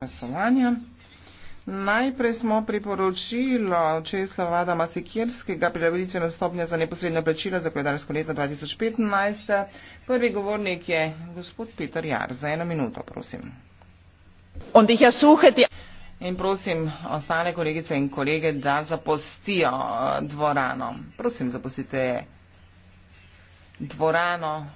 glasovanju. Najprej smo priporočilo Česlava Adama Sikirskega prilagoditvena stopnja za neposredno plačilo za koledarsko leto 2015. Prvi govornik je gospod Peter Jar. Za eno minuto, prosim. In prosim ostale kolegice in kolege, da zapostijo eh, dvorano. Prosim, zapostite dvorano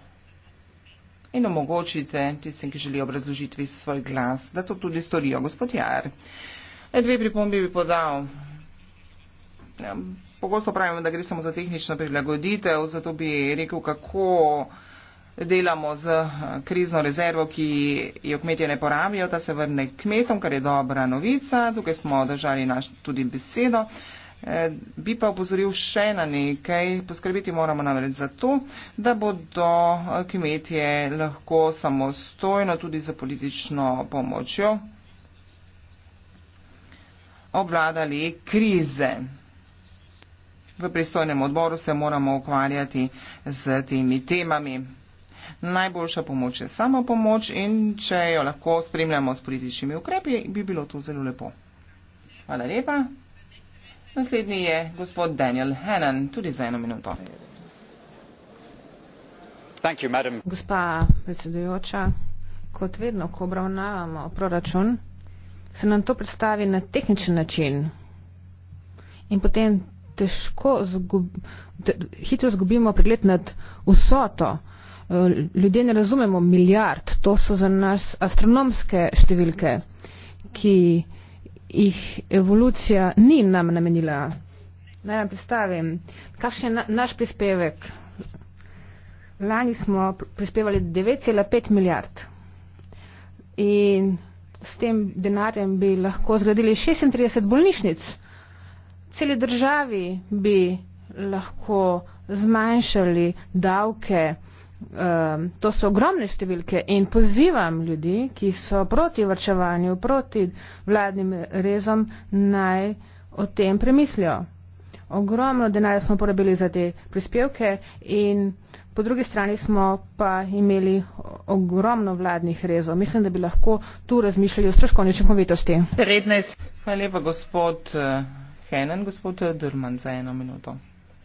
in omogočite tistim, ki želijo obrazložitvi svoj glas, da to tudi storijo. Gospod Jar, dve pripombi bi podal. Ja, pogosto pravimo, da gre samo za tehnično prilagoditev, zato bi rekel, kako delamo z eh, krizno rezervo, ki jo kmetje ne porabijo, da se vrne kmetom, kar je dobra novica. Tukaj smo držali naš, tudi besedo. Uh, Eh, bi pa upozoril še na nekaj, poskrbeti moramo namreč za to, da bodo eh, kmetje lahko samostojno tudi za politično pomočjo obvladali krize. V pristojnem odboru se moramo ukvarjati z temi temami. Najboljša pomoč je samopomoč in če jo lahko spremljamo s političnimi ukrepi, bi bilo to zelo lepo. Hvala lepa. Naslednji je gospod Daniel Hannan, tudi za eno minuto. Thank you, Gospa predsedujoča, kot vedno, ko obravnavamo proračun, se nam to predstavi na tehničen način in potem težko, zgub, te, hitro zgubimo pregled nad vsoto. Eh, ljudje ne razumemo milijard, to so za nas astronomske številke, ki jih evolucija ni nam namenila. Naj vam predstavim, kakšen je na, naš prispevek. Lani smo prispevali 9,5 milijard in s tem denarjem bi lahko zgradili 36 bolnišnic. Celi državi bi lahko zmanjšali davke. Um, to so ogromne številke in pozivam ljudi, ki so proti vrčevanju, proti vladnim rezom, naj o tem premislijo. Ogromno denarja smo porabili za te prispevke in po drugi strani smo pa imeli ogromno vladnih rezov. Mislim, da bi lahko tu razmišljali o stroškovni učinkovitosti. Hvala lepa, gospod eh, Henen, gospod eh, Durman, za eno minuto.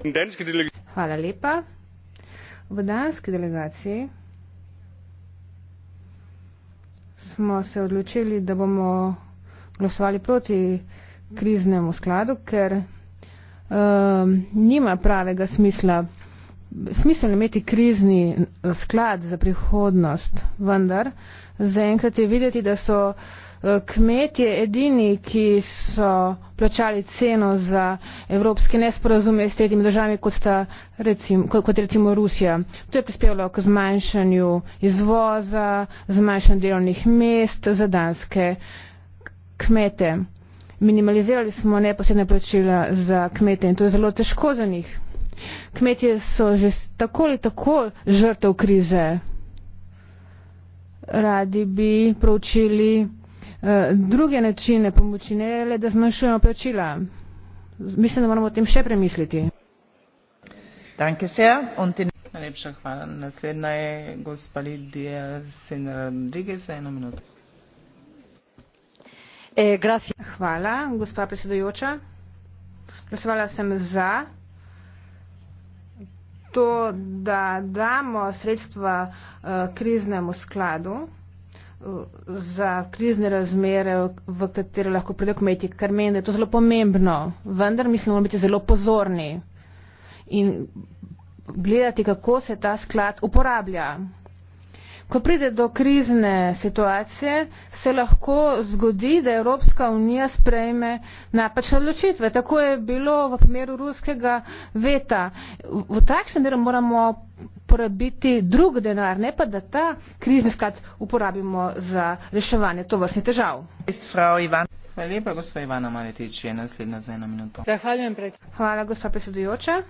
Hvala lepa. V danski delegaciji smo se odločili, da bomo glasovali proti kriznemu skladu, ker um, nima pravega smisla. Smisel je imeti krizni eh, sklad za prihodnost, vendar zaenkrat je videti, da so kmetje edini, ki so plačali ceno za evropske nesporazume s tretjimi državami, kot, sta, recimo, kot recimo Rusija. To je prispevalo k zmanjšanju izvoza, zmanjšanju delovnih mest za danske kmete. Minimalizirali smo neposredne plačila za kmete in to je zelo težko za njih. Kmetje so že tako ali tako žrtev krize. Radi bi proučili Eh, druge načine pomoči, ne le da zmanjšujemo plačila. Mislim, da moramo o tem še premisliti. Najlepša hvala. Naslednja je gospa Lidija Senar-Rodriguez za eno minuto. Eh, hvala, gospa predsedujoča. Glasovala sem za to, da damo sredstva eh, kriznemu skladu za krizne razmere, v katere lahko pridejo kmeti, kar meni, da je to zelo pomembno. Vendar mislim, da moramo biti zelo pozorni in gledati, kako se ta sklad uporablja. Ko pride do krizne situacije, se lahko zgodi, da Evropska unija sprejme napačne odločitve. Tako je bilo v primeru ruskega veta. V takšnem meru moramo porabiti drug denar, ne pa da ta krizni sklad uporabimo za reševanje to vrstni težav. Hvala lepa, gospa Ivana Maletič, je naslednja za eno minuto. Zahvaljujem predsednik. Hvala, gospa predsedujoča.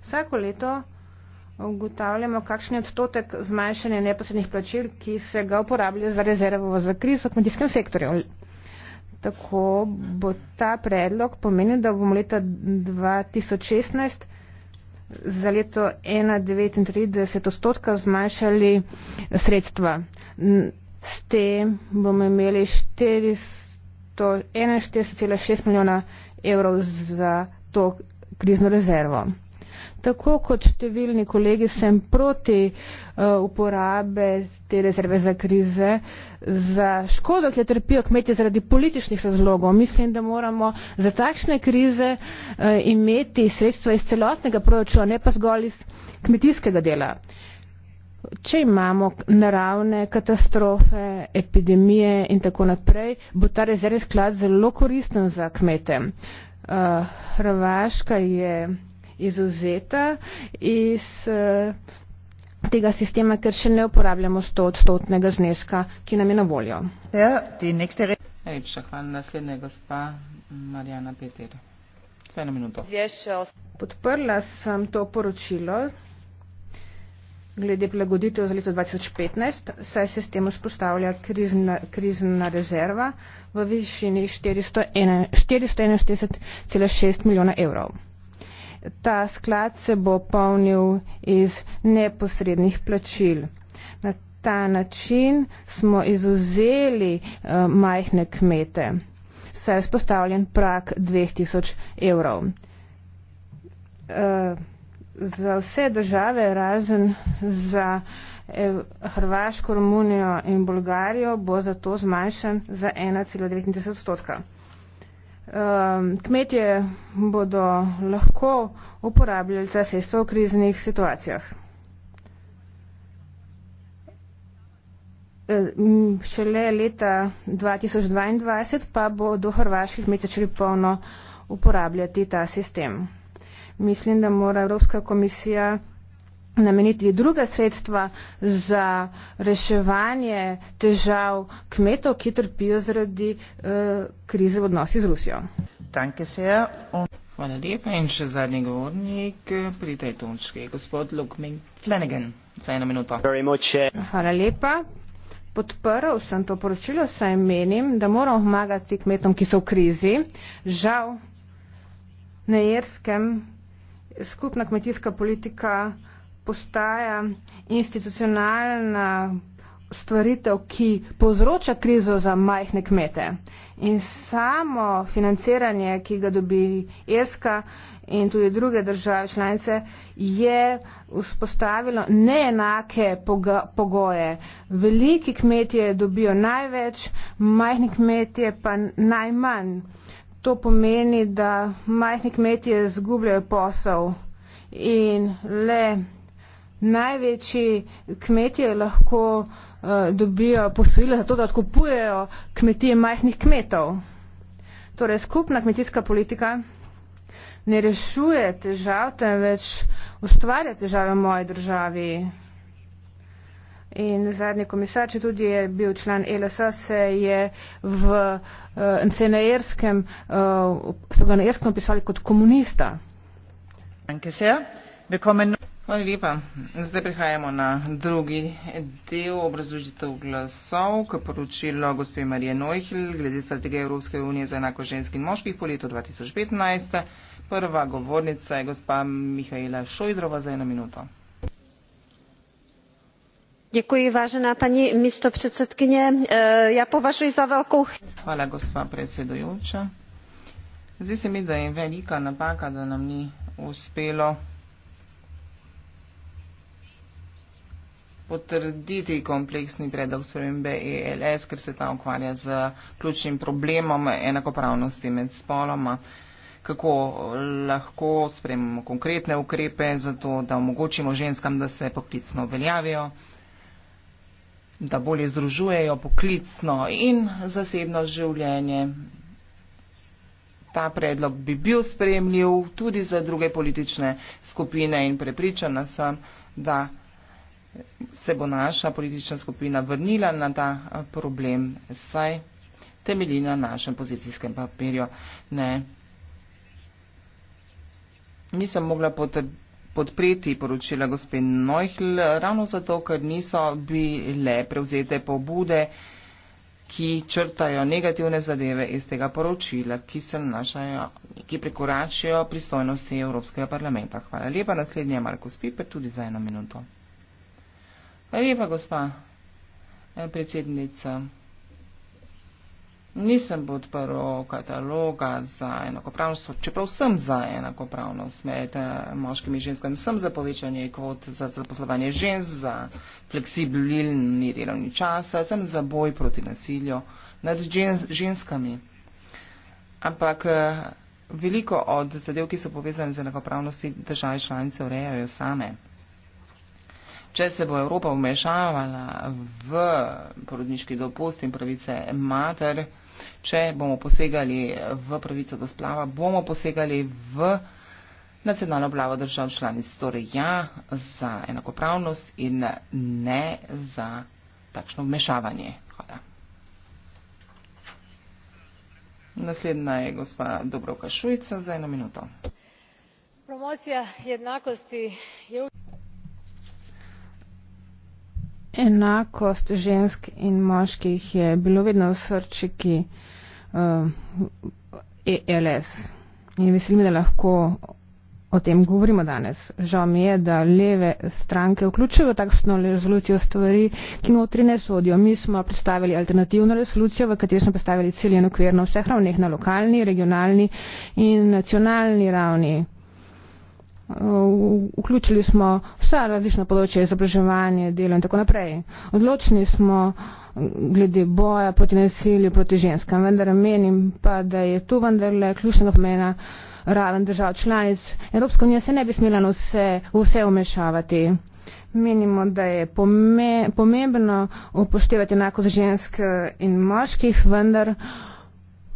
Vsako leto Ugotavljamo, kakšen je odstotek zmanjšanja neposrednih plačil, ki se ga uporablja za rezervo za krizo v kmetijskem sektorju. Tako bo ta predlog pomenil, da bomo leta 2016 za leto 1,39 odstotka zmanjšali sredstva. S tem bomo imeli 41,6 milijona evrov za to krizno rezervo. Tako kot številni kolegi sem proti eh, uporabe te rezerve za krize, za škodo, ki jo trpijo kmetje zaradi političnih razlogov. Mislim, da moramo za takšne krize eh, imeti sredstva iz celotnega proračuna, ne pa zgolj iz kmetijskega dela. Če imamo naravne katastrofe, epidemije in tako naprej, bo ta rezervni sklad zelo koristen za kmete. Eh, Hrvaška je izuzeta iz eh, tega sistema, ker še ne uporabljamo 100 odstotnega zneska, ki nam je na voljo. Ja, Podprla sem to poročilo glede prilagoditev za leto 2015, saj se s tem vzpostavlja krizna, krizna rezerva v višini 441,6 milijona evrov ta sklad se bo polnil iz neposrednih plačil. Na ta način smo izuzeli uh, majhne kmete, saj je spostavljen prak 2000 evrov. Uh, za vse države, razen za eh, Hrvaško, Romunijo in Bolgarijo, bo zato zmanjšan za 1,9 odstotka. Ehm, kmetje bodo lahko uporabljali ta sredstva v kriznih situacijah. Ehm, šele leta 2022 pa bodo hrvaški kmetje začeli polno uporabljati ta sistem. Mislim, da mora Evropska komisija nameniti druga sredstva za reševanje težav kmetov, ki trpijo zaradi uh, krize v odnosih z Rusijo. Hvala lepa in še zadnji govornik pri tej točki, gospod Lukmin Flanagan, za eno minuto. Eh. Hvala lepa. Podprl sem to poročilo, saj menim, da moramo pomagati kmetom, ki so v krizi. Žal, na Jerskem skupna kmetijska politika postaja institucionalna stvaritev, ki povzroča krizo za majhne kmete. In samo financiranje, ki ga dobi ESKA in tudi druge države članice, je vzpostavilo neenake pogoje. Veliki kmetje dobijo največ, majhni kmetje pa najmanj. To pomeni, da majhni kmetje zgubljajo posel in le največji kmetje lahko uh, dobijo posojila za to, da odkupujejo kmetije majhnih kmetov. Torej, skupna kmetijska politika ne rešuje težav, temveč ustvarja težave v moji državi. In zadnji komisar, če tudi je bil član LSA, se je v, eh, se na Erskem, eh, so ga na Erskem opisali kot komunista. Danke sehr. Wir kommen Hvala lepa. Zdaj prihajamo na drugi del obrazložitev glasov k poročilo gospe Marije Nojhil glede strategije Evropske unije za enako žensk in moških po letu 2015. Prva govornica je gospa Mihajla Šojdrova za eno minuto. Děkuji, vážená paní místo předsedkyně. E, já považuji za velkou Hvala, gospa predsedujúča. Zdi se mi, da je velika napaka, da nám ni uspelo potrditi kompleksni predlog spremembe ELS, ker se ta ukvarja z ključnim problemom enakopravnosti med spoloma. Kako lahko spremimo konkretne ukrepe za to, da omogočimo ženskam, da se poklicno veljavijo, da bolje združujejo poklicno in zasebno življenje. Ta predlog bi bil spremljiv tudi za druge politične skupine in prepričana sem, da se bo naša politična skupina vrnila na ta eh, problem, saj temelji na našem pozicijskem papirju. Ne. Nisem mogla podpreti poročila gospod Neuchl, ravno zato, ker niso bile prevzete pobude, ki črtajo negativne zadeve iz tega poročila, ki se nanašajo, ki prekoračijo pristojnosti Evropskega parlamenta. Hvala lepa. Naslednji je Marko Spiper, tudi za eno minuto. Hvala lepa, gospa eh, predsednica. Nisem podprl kataloga za enakopravnost, čeprav sem za enakopravnost med eh, moškim in ženskim, sem za povečanje kvot za zaposlovanje žensk, za fleksibilni delovni čas, sem za boj proti nasilju nad ženskami. Ampak eh, veliko od zadev, ki so povezane z enakopravnosti, države članice urejajo same če se bo Evropa vmešavala v porodniški dopust in pravice mater, če bomo posegali v pravico do splava, bomo posegali v nacionalno plavo držav članic. Torej ja za enakopravnost in ne za takšno vmešavanje. Hvala. Naslednja je gospa Dobroka Šujica za eno minuto. Promocija jednakosti je enakost žensk in moških je bilo vedno v srčiki uh, eh, ELS. In veselim, da lahko o tem govorimo danes. Žal mi je, da leve stranke vključujejo takšno rezolucijo stvari, ki notri ne sodijo. Mi smo predstavili alternativno rezolucijo, v kateri smo predstavili ciljen okvir na vseh ravneh, na lokalni, regionalni in nacionalni ravni vključili smo vsa različna področja izobraževanja, delo in tako naprej. Odločni smo glede boja proti nasilju, proti ženskam, vendar menim pa, da je tu vendarle ključnega pomena raven držav članic. Evropska unija se ne bi smela na vse, vse umešavati. Menimo, da je pomembno upoštevati enako ženske in moških, vendar uh,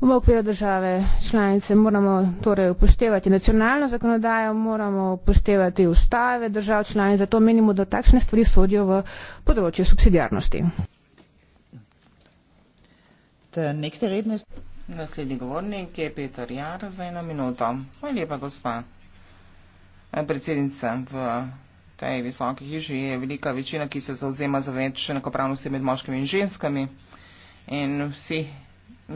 v okviru države članice moramo torej upoštevati nacionalno zakonodajo moramo upoštevati ustave držav članic zato menimo da takšne stvari sodijo v področje subsidiarnosti Naslednji govornik je Peter Jar za eno minuto. Hvala lepa, gospa. Predsednica v tej visoki hiži je velika večina, ki se zauzema za več enakopravnosti med moškimi in ženskami. In vsi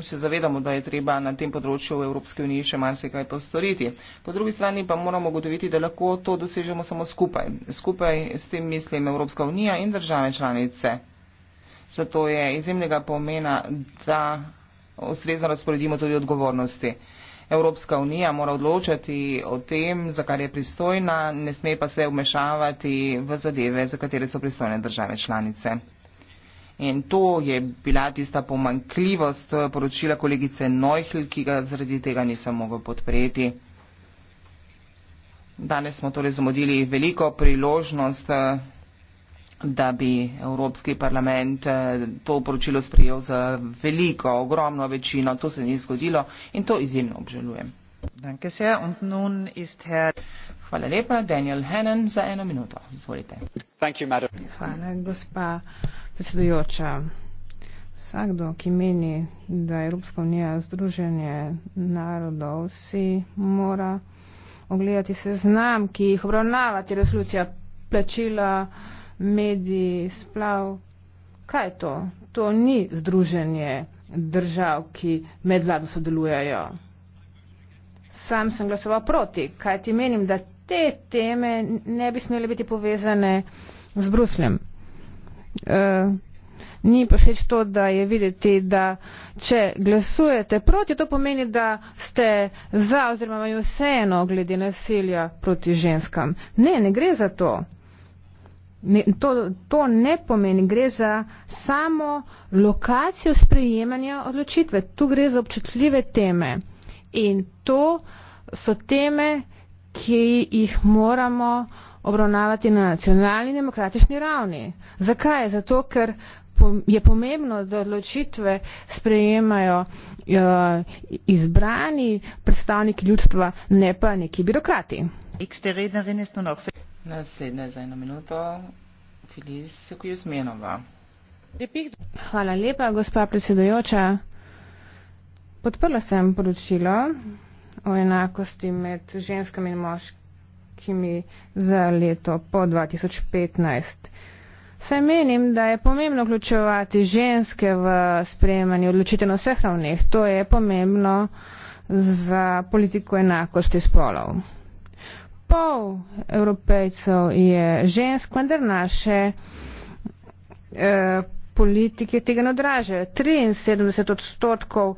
se zavedamo, da je treba na tem področju v Evropske unije še marsikaj postoriti. Po drugi strani pa moramo ugotoviti, da lahko to dosežemo samo skupaj. Skupaj s tem mislim Evropska unija in države članice. Zato je izjemnega pomena, da ustrezno razporedimo tudi odgovornosti. Evropska unija mora odločati o tem, za kar je pristojna, ne sme pa se vmešavati v zadeve, za katere so pristojne države članice. In to je bila tista pomankljivost eh, poročila kolegice Neuhl, ki ga zaradi tega nisem mogel podpreti. Danes smo torej zamudili veliko priložnost, eh, da bi Evropski parlament eh, to poročilo sprejel za veliko, ogromno večino. To se ni zgodilo in to izjemno obžalujem. Hvala lepa. Daniel Hennen za eno minuto. Izvolite. Hvala, gospa predsedujoča. Vsakdo, ki meni, da je Evropska unija združenje narodov, si mora ogledati seznam, ki jih obravnava ti resolucija, plačila, mediji, splav. Kaj je to? To ni združenje držav, ki med vlado sodelujajo. Sam sem glasoval proti, kaj ti menim, da te teme ne bi smele biti povezane z Brusljem. E, ni pa všeč to, da je videti, da če glasujete proti, to pomeni, da ste za oziroma imajo vseeno glede nasilja proti ženskam. Ne, ne gre za to. Ne, to, to ne pomeni, gre za samo lokacijo sprejemanja odločitve. Tu gre za občutljive teme. In to so teme, ki jih moramo obravnavati na nacionalni demokratični ravni. Zakaj? Zato, ker je pomembno, da odločitve sprejemajo uh, izbrani predstavniki ljudstva, ne pa neki birokrati. Naslednja za eno minuto, Filiz Kujusmenova. Hvala lepa, gospa predsedujoča. Podprla sem poročilo o enakosti med ženskami in moškimi velikimi za leto po 2015. Saj menim, da je pomembno vključevati ženske v sprejemanje odločitev na vseh ravneh. To je pomembno za politiko enakosti spolov. Pol evropejcev je žensk, vendar naše eh, politike tega ne odražajo. 73 odstotkov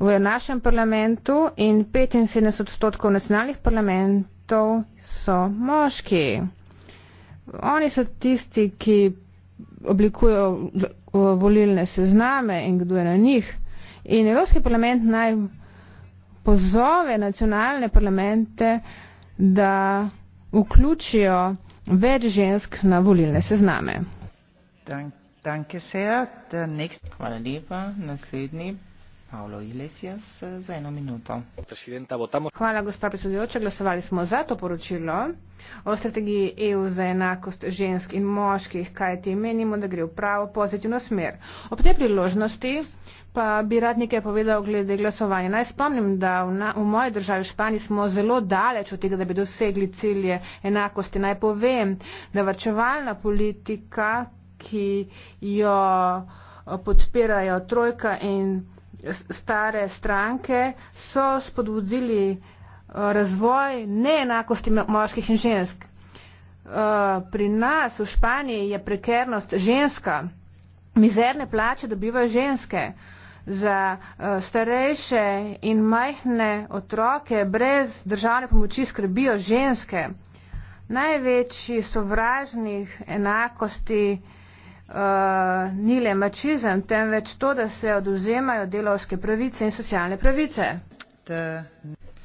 v našem parlamentu in 75 odstotkov v nacionalnih parlamentih svetov so moški. Oni so tisti, ki oblikujejo volilne sezname in kdo je na njih. In Evropski parlament naj pozove nacionalne parlamente, da vključijo več žensk na volilne sezname. Dan, danke sehr, Hvala lepa. Naslednji Paolo Iglesias eh, za eno minuto. Hvala, gospa predsedujoča. Glasovali smo za to poročilo o strategiji EU za enakost žensk in moških, kaj ti menimo, da gre v pravo pozitivno smer. Ob tej priložnosti pa bi rad nekaj povedal glede glasovanja. Naj spomnim, da v, na, v moji državi v Španiji smo zelo daleč od tega, da bi dosegli cilje enakosti. Naj povem, da vrčevalna politika, ki jo eh, podpirajo trojka in stare stranke so spodbudili eh, razvoj neenakosti moških in žensk. Eh, pri nas v Španiji je prekernost ženska, mizerne plače dobivajo ženske. Za eh, starejše in majhne otroke brez državne pomoči skrbijo ženske. Največji sovražnih enakosti uh, ni le mačizem, temveč to, da se oduzemajo delovske pravice in socialne pravice. Te...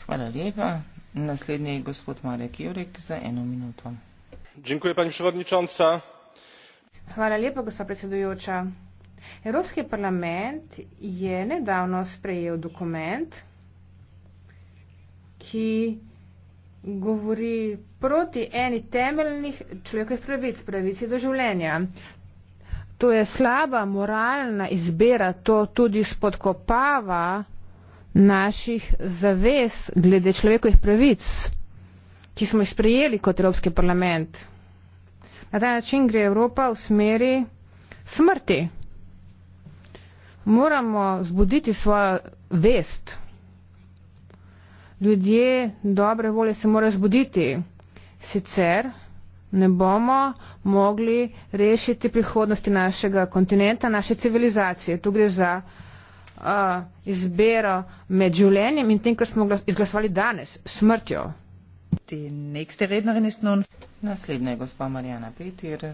Hvala lepa. Naslednji je gospod Marek Jurek za eno minuto. Dziękuję, pani przewodnicząca. Hvala lepa, gospod predsedujoča. Evropski parlament je nedavno sprejel dokument, ki govori proti eni temeljnih človekovih pravic, pravici do življenja. To je slaba moralna izbira, to tudi spodkopava naših zavez glede človekovih pravic, ki smo jih sprejeli kot Evropski parlament. Na ta način gre Evropa v smeri smrti. Moramo zbuditi svojo vest. Ljudje dobre volje se morajo zbuditi. Sicer ne bomo mogli rešiti prihodnosti našega kontinenta, naše civilizacije. Tu gre za uh, izbero med življenjem in tem, kar smo izglasovali danes, smrtjo. Naslednja je gospa Marijana Petir,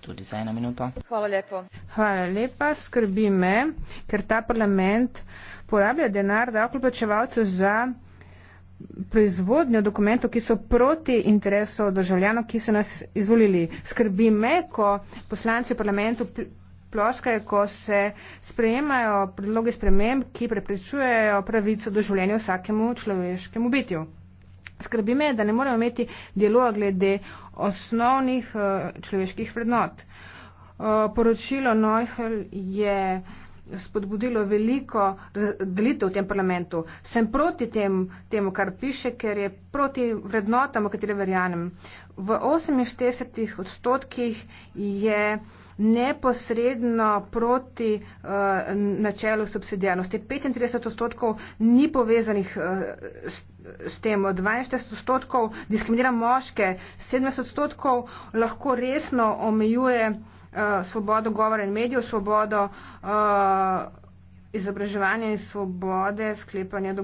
tudi za eno minuto. Hvala lepo. Hvala lepa, skrbi me, ker ta parlament porablja denar davkoplačevalcev za proizvodnjo dokumentov, ki so proti interesu državljanov, ki so nas izvolili. Skrbi me, ko poslanci v parlamentu ploskajo, ko se sprejemajo predloge sprememb, ki preprečujejo pravico do življenja vsakemu človeškemu bitju. Skrbi me, da ne moremo imeti dialoga glede osnovnih eh, človeških vrednot. Eh, poročilo Neuhel je spodbudilo veliko delitev v tem parlamentu. Sem proti tem, temu, kar piše, ker je proti vrednotam, o katere verjamem. V 68 odstotkih je neposredno proti uh, načelu subsidijarnosti. 35 odstotkov ni povezanih uh, s, s tem, 42 odstotkov diskriminira moške, 70 odstotkov lahko resno omejuje Eh, svobodo govora in medijev, svobodo uh, izobraževanja in svobode sklepanja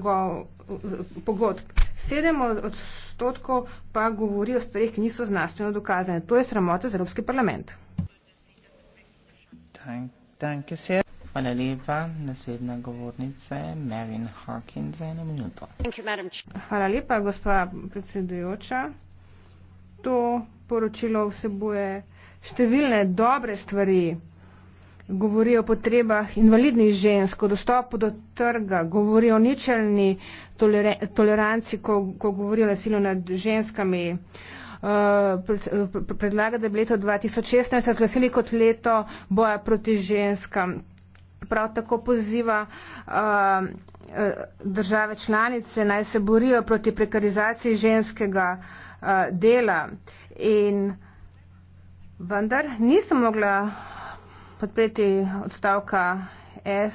pogodb. Sedem odstotkov pa govori o stvarih, ki niso znanstveno dokazane. To je sramota za Evropski parlament. Danke sehr. Hvala lepa. Naslednja govornica je Marin Hawkins za eno minuto. Hvala lepa, gospa predsedujoča. To poročilo vsebuje številne dobre stvari, govori o potrebah invalidnih žensk, o dostopu do trga, govori o ničelni tolere, toleranci, ko, ko govori o nasilju nad ženskami. Uh, predlaga, da bi leto 2016 razglasili kot leto boja proti ženskam. Prav tako poziva uh, države članice naj se borijo proti prekarizaciji ženskega uh, dela in uh, Vendar nisem mogla podpreti odstavka S,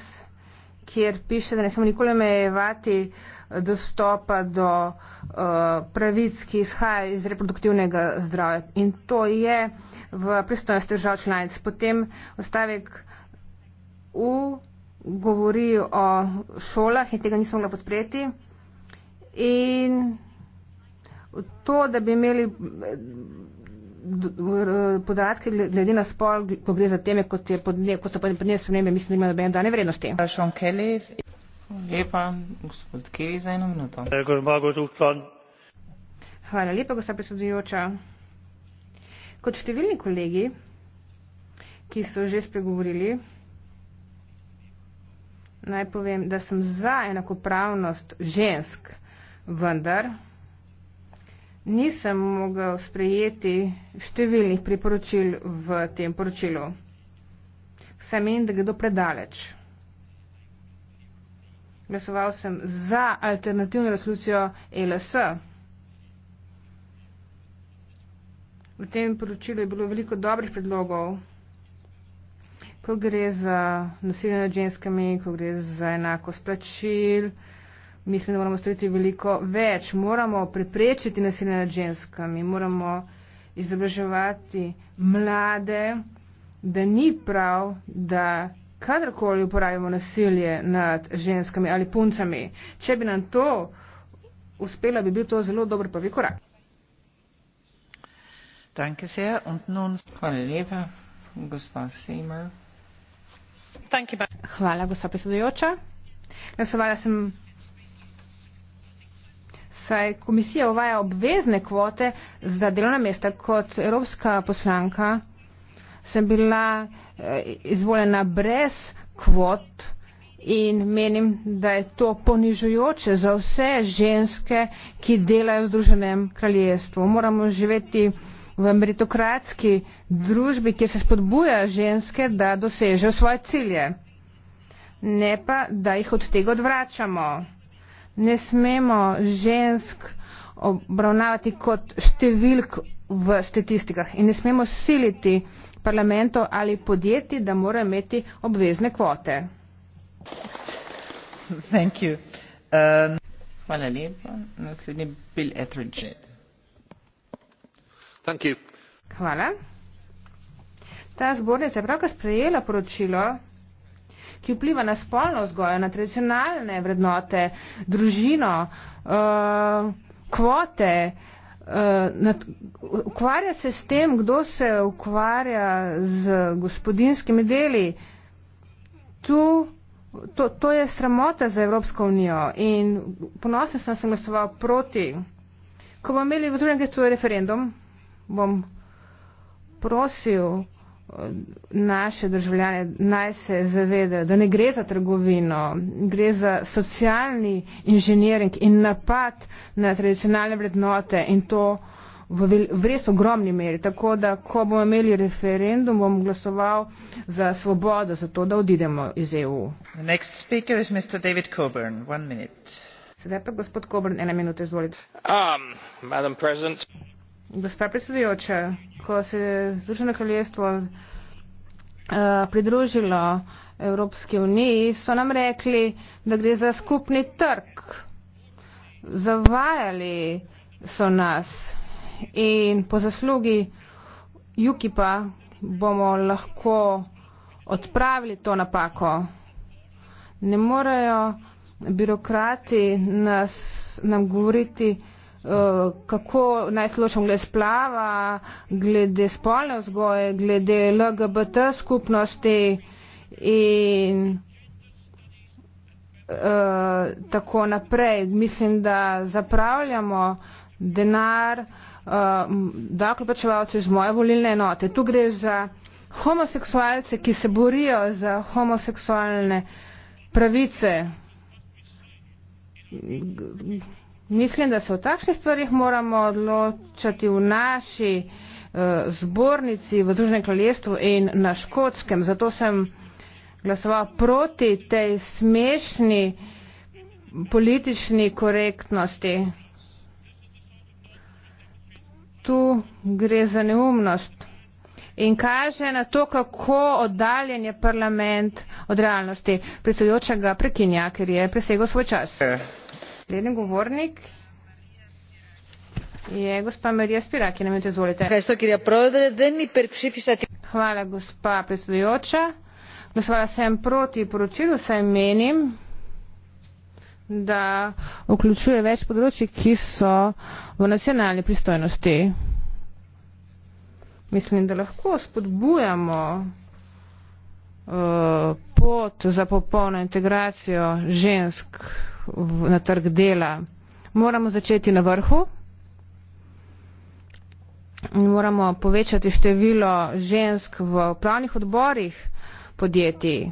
kjer piše, da ne smemo nikoli omejevati dostopa do uh, pravic, ki izhaja iz reproduktivnega zdravja. In to je v pristojnosti držav članic. Potem ostavek U govori o šolah in tega nismo mogli podpreti. In to, da bi imeli podatke glede na spol, ko gre za teme, kot, je, kot so podnebne spremembe, mislim, da ima nobene dane vrednosti. Lepa, gospod Kelly, za eno minuto. Hvala lepa, gospod predsedujoča. Kot številni kolegi, ki so že spregovorili, naj povem, da sem za enakopravnost žensk, vendar nisem mogel sprejeti številnih priporočil v tem poročilu. Se meni, da gredo predaleč. Glasoval sem za alternativno resolucijo e LS. V tem poročilu je bilo veliko dobrih predlogov, ko gre za nasilje nad ženskami, ko gre za enako splačil, mislim, da moramo storiti veliko več. Moramo preprečiti nasilje nad ženskami, moramo izobraževati mlade, da ni prav, da kadarkoli uporabimo nasilje nad ženskami ali puncami. Če bi nam to uspelo, bi bil to zelo dober prvi korak. Danke sehr und nun Hvala lepa, gospa Seymour. Hvala, gospa predsedujoča. Glasovala sem saj komisija uvaja obvezne kvote za delovna mesta. Kot evropska poslanka sem bila eh, izvoljena brez kvot in menim, da je to ponižujoče za vse ženske, ki delajo v Združenem kraljestvu. Moramo živeti v meritokratski družbi, kjer se spodbuja ženske, da dosežejo svoje cilje, ne pa, da jih od tega odvračamo ne smemo žensk obravnavati kot številk v statistikah in ne smemo siliti parlamento ali podjetij, da morajo imeti obvezne kvote. Thank you. Um, hvala lepa. Naslednji Bill Etheridge. Thank you. Hvala. Ta zbornica je pravkar sprejela poročilo ki vpliva na spolno vzgojo, na tradicionalne vrednote, družino, uh, kvote. Uh, ukvarja se s tem, kdo se ukvarja z gospodinskimi deli. Tu, to, to je sramota za Evropsko unijo in ponosen sem, da sem glasoval proti. Ko bomo imeli v drugem gestu referendum, bom prosil naše državljane naj se zavedajo, da ne gre za trgovino, gre za socialni inženiring in napad na tradicionalne vrednote in to v, vel, v res ogromni meri. Tako da, ko bomo imeli referendum, bom glasoval za svobodo, za to, da odidemo iz EU. Sedaj pa gospod Coburn, ena minuta, izvolite. Um, gospa predsedujoča, ko se je Združeno kraljestvo eh, pridružilo Evropski uniji, so nam rekli, da gre za skupni trg. Zavajali so nas in po zaslugi Jukipa bomo lahko odpravili to napako. Ne morejo birokrati nas, nam govoriti, Eh, kako naj slošam glede splava, glede spolne vzgoje, glede LGBT skupnosti in uh, tako naprej. Mislim, da zapravljamo denar uh, davkoplačevalcev iz moje volilne enote. Tu gre za homoseksualce, ki se borijo za homoseksualne pravice. G Mislim, da se o takšnih stvarih moramo odločati v naši uh, zbornici v Združenem kraljestvu in na škotskem. Zato sem glasoval proti tej smešni politični korektnosti. Tu gre za neumnost in kaže na to, kako oddaljen je parlament od realnosti. Predsedujoča ga prekinja, ker je presegel svoj čas. Okay. Eh, Naslednji govornik je gospa Marija Spirak, ki nam je izvolite. Hvala, gospa predsedujoča. Glasovala sem proti poročilu, saj menim, da vključuje več področji, ki so v nacionalni pristojnosti. Mislim, da lahko spodbujamo uh, pot za popolno integracijo žensk v, na trg dela. Moramo začeti na vrhu. Moramo povečati število žensk v upravnih odborih podjetij.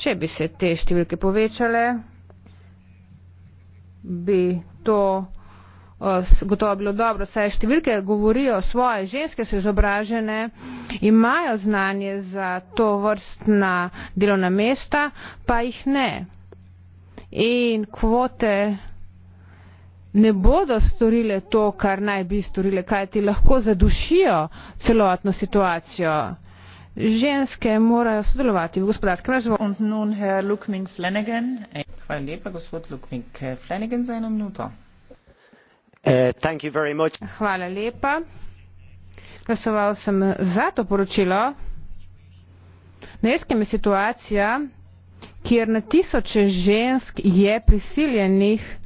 Če bi se te številke povečale, bi to eh, gotovo bilo dobro. Saj številke govorijo svoje, ženske so izobražene, imajo znanje za to vrstna delovna mesta, pa jih ne in kvote ne bodo storile to, kar naj bi storile, kaj ti lahko zadušijo celotno situacijo. Ženske morajo sodelovati v gospodarskem razvoju. Hvala lepa, gospod Lukmink Flanagan, za eno minuto. Uh, Hvala lepa. Glasoval sem za to poročilo. Na eskem je situacija kjer na tisoče žensk je prisiljenih,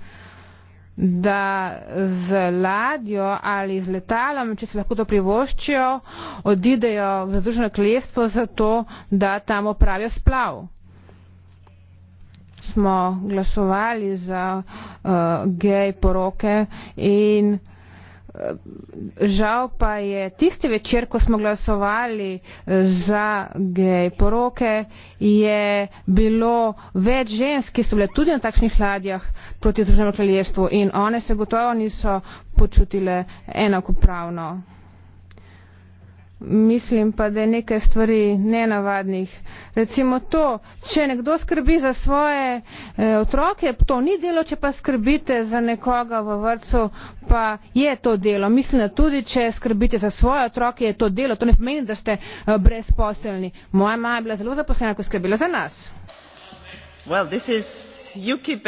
da z ladjo ali z letalom, če se lahko to privoščijo, odidejo v združeno kljestvo zato, da tam opravijo splav. Smo glasovali za uh, gej poroke in Žal pa je tisti večer, ko smo glasovali eh, za gej poroke, je bilo več žensk, ki so bile tudi na takšnih ladjah proti Združenemu kraljestvu in one se gotovo niso počutile enakopravno mislim pa, da je nekaj stvari nenavadnih. Recimo to, če nekdo skrbi za svoje e, otroke, to ni delo, če pa skrbite za nekoga v vrtu, pa je to delo. Mislim, da tudi, če skrbite za svoje otroke, je to delo. To ne pomeni, da ste e, brezposelni. Moja mama je bila zelo zaposlena, ko je skrbila za nas. Well, UKIP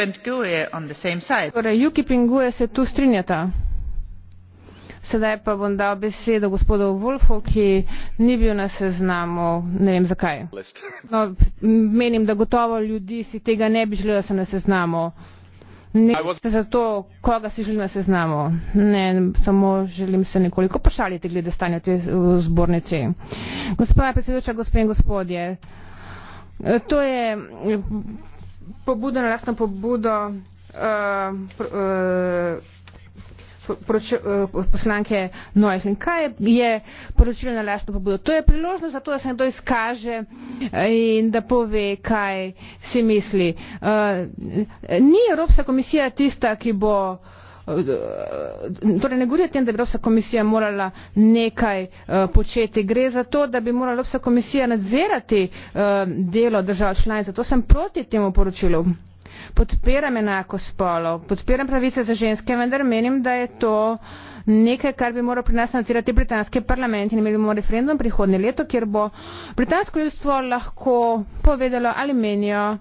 torej, UKIP in GUE se tu strinjata. Sedaj pa bom dal besedo gospodu Wolfu, ki ni bil na seznamu, ne vem zakaj. No, menim, da gotovo ljudi si tega ne bi želeli, da so na seznamu. Ne ste za to, koga si želim na seznamu. Ne, samo želim se nekoliko pošaliti glede stanja te zbornice. Gospoda predsedujoča, gospe in gospodje, to je eh, pobudo na lastno pobudo. Uh, uh, Eh, poslanke Neuhlin. Kaj je poročilo na lastno pobudo? To je priložnost za to, da se nekdo izkaže eh, in da pove, kaj si misli. Eh, ni Evropska komisija tista, ki bo. Torej, ne govori o tem, da bi Evropska komisija morala nekaj uh, početi. Gre za to, da bi morala Evropska komisija nadzirati uh, delo držav članic. Zato sem proti temu poročilu podpiram enakost spolov podpiram pravice za ženske vendar menim da je to nekaj kar bi moral pri nas nadzirati britanski parlament in imeli bomo referendum prihodnje leto kjer bo britansko ljudstvo lahko povedalo ali menijo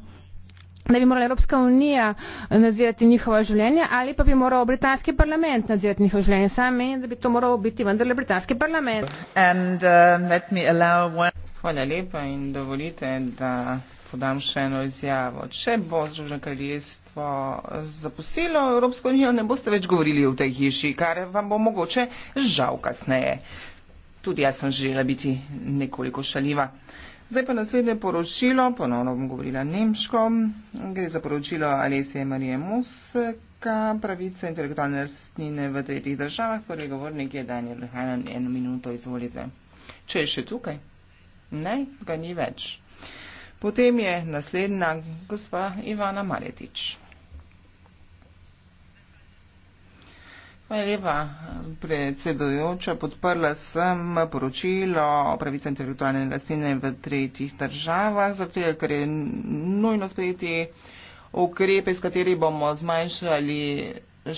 da bi morala Evropska unija nadzirati njihova življenja ali pa bi moral britanski parlament nadzirati njihovo življenje. Sam menim, da bi to moral biti vendarle britanski parlament. And, uh, let me allow one... Hvala lepa in dovolite, da podam še eno izjavo. Če bo Združeno kraljestvo zapustilo Evropsko unijo, ne boste več govorili o tej hiši, kar vam bo mogoče žal kasneje. Tudi jaz sem želela biti nekoliko šaljiva. Zdaj pa naslednje poročilo, ponovno bom govorila nemško, gre za poročilo Alesije Marije Muska, pravice intelektualne lastnine v tretjih državah, torej govornik je Daniel Hanan, eno minuto izvolite. Če je še tukaj? Ne, ga ni več. Potem je naslednja gospa Ivana Maletič. Hvala lepa, predsedujoča. Podprla sem poročilo o pravice intelektualne lastnine v tretjih državah, zato ker je nujno sprejeti ukrepe, s kateri bomo zmanjšali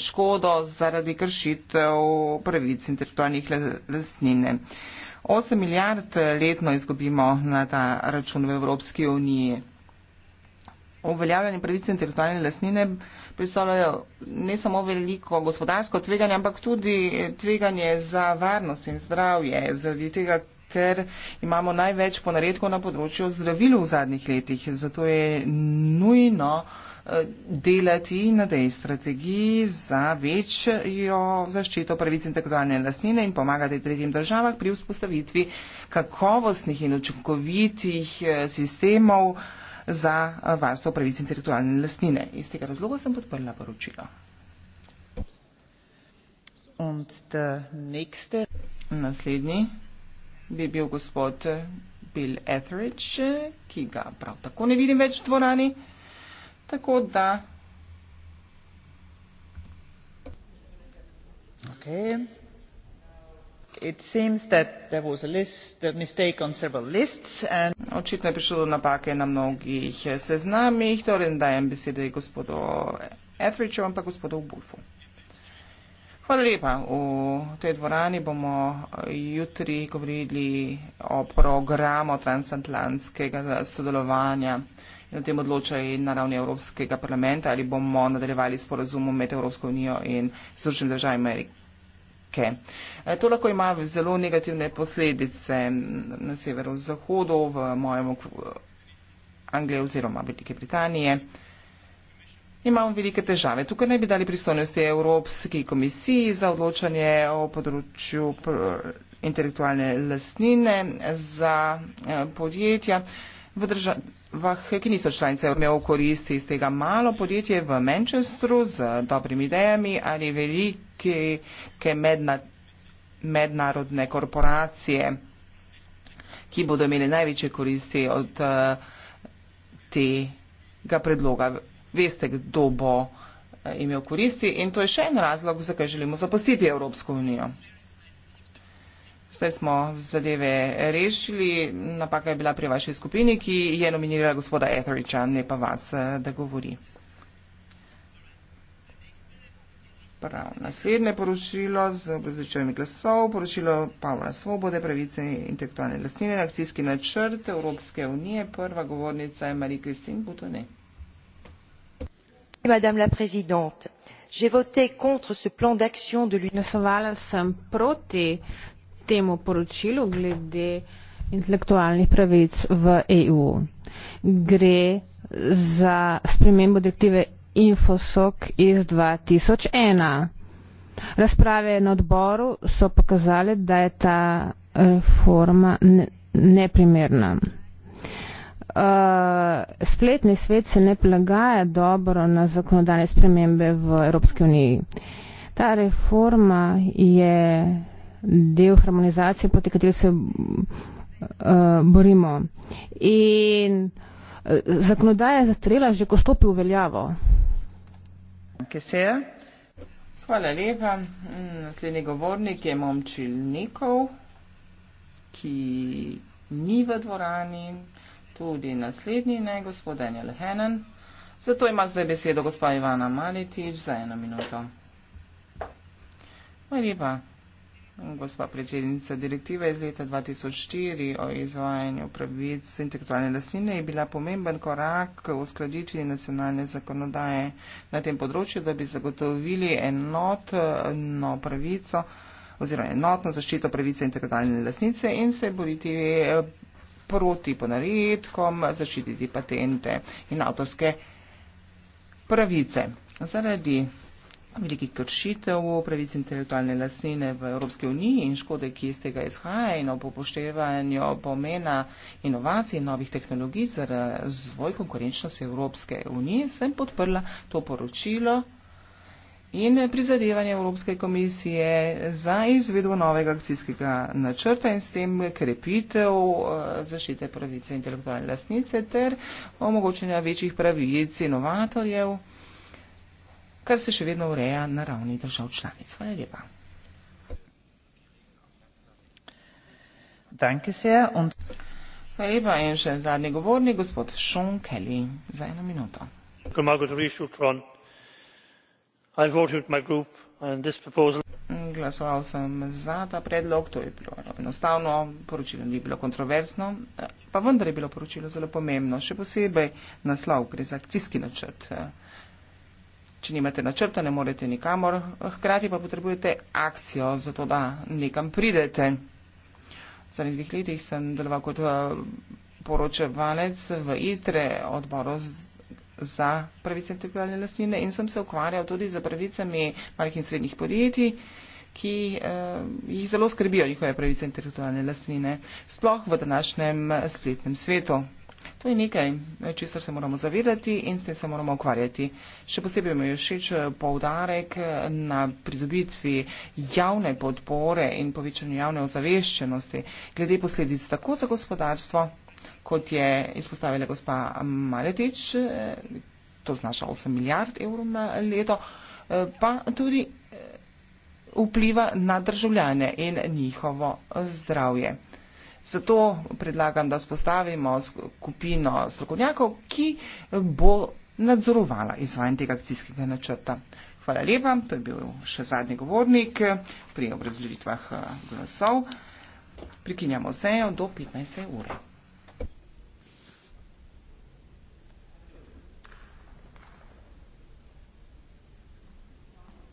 škodo zaradi kršitev pravic intelektualnih lastnine. Uh, 8 milijard eh, letno izgubimo na ta račun v Evropski uniji. Uveljavljanje pravice intelektualne lasnine predstavljajo ne samo veliko gospodarsko tveganje, ampak tudi eh, tveganje za varnost in zdravje, zaradi tega, ker imamo največ ponaredkov na področju zdravil v zadnjih letih. Zato je nujno eh, delati na tej strategiji za večjo zaščito pravic intelektualne lastnine in pomagati tretjim državah pri vzpostavitvi kakovostnih in očinkovitih eh, sistemov za eh, varstvo pravic intelektualne lastnine. Iz tega razloga sem podprla poročilo. Naslednji bi bil gospod eh, Bill Etheridge, eh, ki ga prav tako ne vidim več v dvorani. Tako da. Okay. Očitno je prišlo do napake na mnogih eh, seznamih, torej dajem besedo gospodu Etheridgeu, ampak gospodu Bulfu. Hvala lepa. V tej dvorani bomo eh, jutri govorili o programu transatlantskega sodelovanja in o tem odločaj na ravni Evropskega parlamenta, ali bomo nadaljevali s porazumom med Evropsko unijo in Združenimi državami Amerike. Eh, to lahko ima zelo negativne posledice na severu zahodu, v mojem okru Anglije oziroma Velike Britanije. Uh, imamo velike težave. Tukaj naj bi dali pristojnosti Evropski komisiji za odločanje o področju eh, intelektualne lastnine za eh, podjetja v državah, ki niso članice, imel koristi iz tega malo podjetje v Manchesteru z dobrimi idejami ali velike medna, mednarodne korporacije, ki bodo imeli največje koristi od eh, tega predloga veste, kdo bo eh, imel koristi in to je še en razlog, zakaj želimo zapustiti Evropsko unijo. Zdaj smo zadeve rešili, napaka je bila pri vaši skupini, ki je nominirala gospoda Etheridgea, ne pa vas, eh, da govori. Prav, naslednje poročilo z obrazličujemi glasov, poročilo Pavla Svobode, pravice intelektualne lastnine, akcijski načrt Evropske unije, prva govornica je Marie-Christine Boutonet madame la présidente j'ai voté contre ce plan d'action de l'union. E Infosok iz 2001. Razprave na odboru so pokazali, da je ta reforma eh, ne neprimerna uh, spletni svet se ne plagaja dobro na zakonodajne spremembe v Evropski uniji. Ta reforma je del harmonizacije, proti kateri se uh, borimo. In uh, zakonodaja je zastrela že, ko stopi v veljavo. Hvala lepa. Naslednji govornik je Momčil Nikov, ki ni v dvorani. Tudi naslednji ne, gospod Daniel Henen. Zato ima zdaj besedo gospa Ivana Maletič za eno minuto. Lepa, gospa predsednica direktive iz leta 2004 o izvajanju pravic intelektualne lastnine je bila pomemben korak k uskladitvi nacionalne zakonodaje na tem področju, da bi zagotovili enotno pravico oziroma enotno zaščito pravice intelektualne lastnice in se boriti eh, proti ponaredkom, zaščititi patente in avtorske pravice. Zaradi velikih kršitev pravic intelektualne lasnine v Evropske uniji in škode, ki iz tega izhaja in ob upoštevanju pomena inovacij in novih tehnologij za razvoj konkurenčnosti Evropske unije, sem podprla to poročilo in prizadevanje Evropske komisije za izvedbo novega akcijskega načrta in s tem krepitev eh, zaščite pravice intelektualne lasnice ter omogočenja večjih pravic inovatorjev, kar se še vedno ureja na ravni držav članic. Hvala lepa. Hvala lepa in še zadnji govornik, gospod Sean Kelly, za eno minuto i voted with my group on this proposal. glasoval sem za ta predlog, to je bilo enostavno, poročilo ni bilo kontroversno, pa vendar je bilo poročilo zelo pomembno, še posebej naslov, gre za akcijski načrt. Če nimate načrta, ne morete nikamor, hkrati pa potrebujete akcijo, zato da nekam pridete. V zadnjih dveh letih sem deloval kot eh, poročevalec v ITRE odboru z za pravice intelektualne lastnine in sem se ukvarjal tudi za pravicami malih in srednjih podjetij, ki eh, jih zelo skrbijo njihove pravice intelektualne lastnine, sploh v današnjem eh, spletnem svetu. To je nekaj, eh, česar se moramo zavedati in s tem se moramo ukvarjati. Še posebej mi je všeč eh, poudarek na pridobitvi javne podpore in povečanju javne ozaveščenosti glede posledic tako za gospodarstvo, kot je izpostavila gospa Maletič, eh, to znaša 8 milijard evrov na leto, eh, pa tudi eh, vpliva na državljane in njihovo zdravje. Zato predlagam, da spostavimo skupino strokovnjakov, ki bo nadzorovala izvajanje tega akcijskega načrta. Hvala lepa, to je bil še zadnji govornik pri obrazložitvah glasov. Prikinjamo sejo do 15. ure.